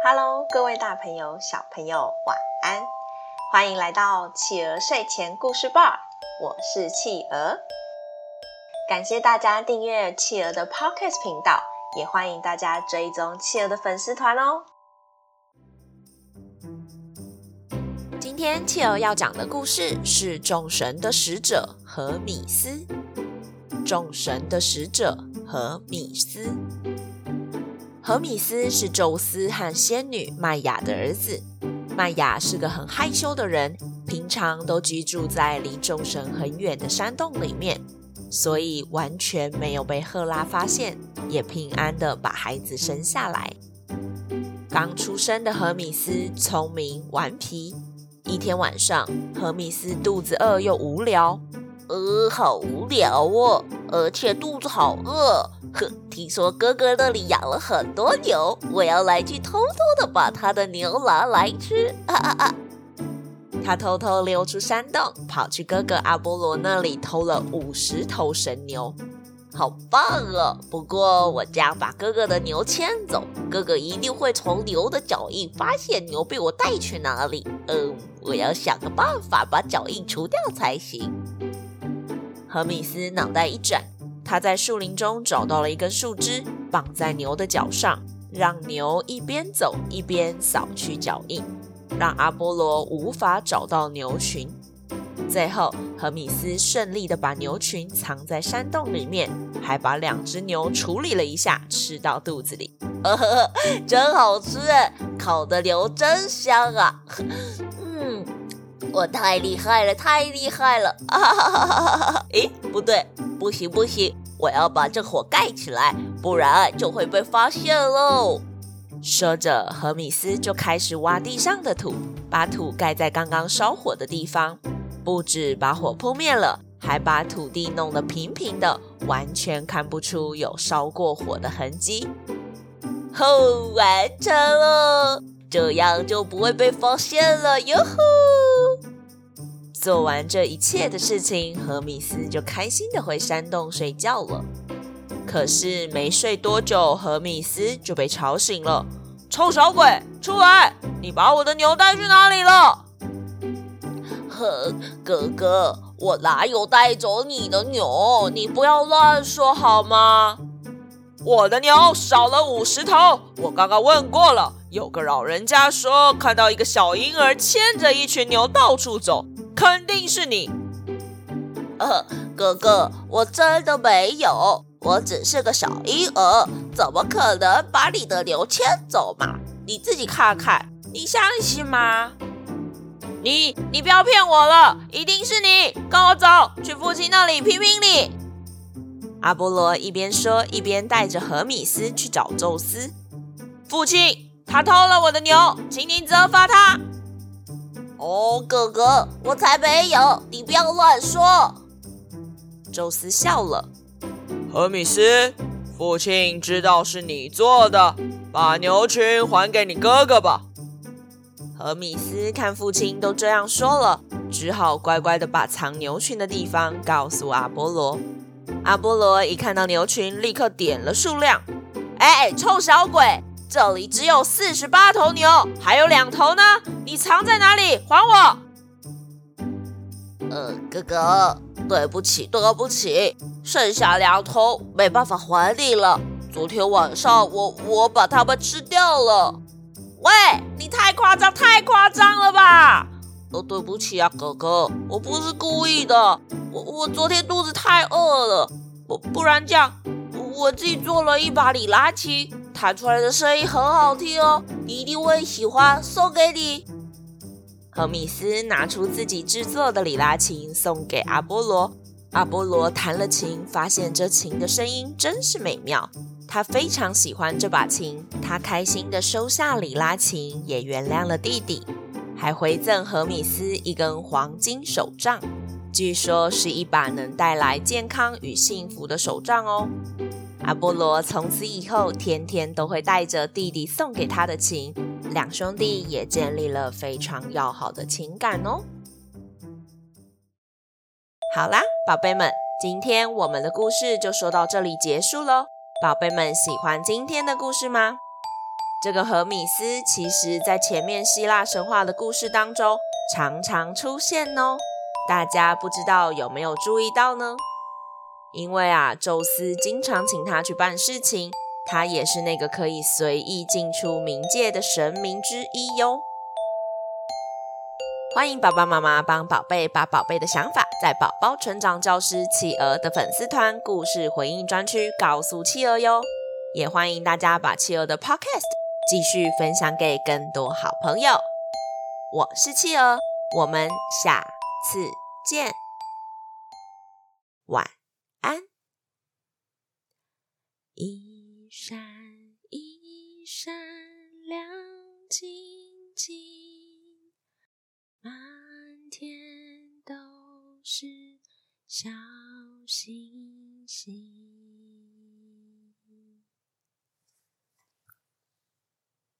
Hello，各位大朋友、小朋友，晚安！歡迎來到企鵝睡前故事吧，我是企鵝。感謝大家訂閱企鵝的 Podcast 頻道，也歡迎大家追蹤企鵝的粉絲團哦。今天企鵝要講的故事是眾神的使者荷米《眾神的使者荷米斯》，眾神的使者荷米斯。荷米斯是宙斯和仙女麥雅的兒子。麥雅是個很害羞的人，平常都居住在離眾神很遠的山洞裡面，所以完全沒有被赫拉發現，也平安地把孩子生下來。剛出生的荷米斯聰明頑皮。一天晚上，荷米斯肚子餓又無聊，呃，好無聊哦，而且肚子好餓。聽說哥哥那裡養了很多牛，我要來去偷偷的把他的牛拿來吃。啊啊啊。他偷偷溜出山洞，跑去哥哥阿波羅那裡偷了五十頭神牛，好棒哦！不過我將把哥哥的牛牽走，哥哥一定會從牛的腳印發現牛被我帶去哪裡。嗯，我要想個辦法把腳印除掉才行。荷米斯腦袋一轉。他在樹林中找到了一根樹枝，綁在牛的腳上，讓牛一邊走一邊掃去腳印，讓阿波羅無法找到牛群。最後，荷米斯順利地把牛群藏在山洞裡面，還把兩隻牛處理了一下，吃到肚子裡。真好吃，烤的牛真香啊！我太厲害了，太厲害了！哎、啊哈哈哈哈哈哈，不對，不行，不行！我要把這火蓋起來，不然就會被發現嘍。說着，荷米斯就開始挖地上的土，把土蓋在剛剛燒火的地方，不止把火撲滅了，還把土地弄得平平的，完全看不出有燒過火的痕跡。吼、哦，完成了，這樣就不會被發現了喲吼！做完這一切的事情，荷米斯就開心地回山洞睡覺了。可是沒睡多久，荷米斯就被吵醒了。“臭小鬼，出來！你把我的牛帶去哪裡了？”“哼，哥哥，我哪有帶走你的牛？你不要亂說好嗎？”“我的牛少了五十頭，我剛剛問過了，有個老人家說看到一個小嬰兒牽着一群牛到處走。”肯定是你。啊，哥哥，我真的沒有，我只是個小嬰兒，怎麼可能把你的牛牽走嘛？你自己看看，你相信嗎？你你不要騙我了，一定是你，跟我走去父親那裡評評理。阿波羅一邊說，一邊帶着荷米斯去找宙斯。父親，他偷了我的牛，請您責罰他。哦，哥哥，我才沒有！你不要亂說。宙斯笑了。荷米斯，父親知道是你做的，把牛群還給你哥哥吧。荷米斯看父親都這樣說了，只好乖乖的把藏牛群的地方告訴阿波羅。阿波羅一看到牛群，立刻點了數量。哎，哎，臭小鬼！這裡只有四十八頭牛，還有兩頭呢，你藏在哪裡？還我！呃，哥哥，對不起，對不起，剩下兩頭沒辦法還你了。昨天晚上我我把它們吃掉了。喂，你太誇張，太誇張了吧？呃，對不起啊，哥哥，我不是故意的，我我昨天肚子太餓了，不不然這樣我，我自己做了一把里拉琴。彈出來的聲音很好聽哦，你一定會喜歡，送給你。荷米斯拿出自己制作的里拉琴，送給阿波羅。阿波羅彈了琴，發現這琴的聲音真是美妙，他非常喜歡這把琴，他開心地收下里拉琴，也原諒了弟弟，還回贈荷米斯一根黃金手杖，據說是一把能帶來健康與幸福的手杖哦。阿波羅從此以後，天天都會帶着弟弟送給他的琴，兩兄弟也建立了非常要好的情感哦。好啦，寶貝們，今天我們的故事就說到這裡結束嘍。寶貝們喜歡今天的故事嗎？這個荷米斯其實在前面希臘神話的故事當中常常出現哦，大家不知道有沒有注意到呢？因為啊，宙斯經常請他去辦事情，他也是那個可以隨意進出冥界的神明之一喲。歡迎爸爸媽媽幫寶貝把寶貝的想法，在寶寶成長教室企鵝的粉絲團故事回應專區告訴企鵝喲。也歡迎大家把企鵝的 Podcast 繼續分享給更多好朋友。我是企鵝，我們下次見。晚。一閃一閃亮晶晶，滿天都是小星星。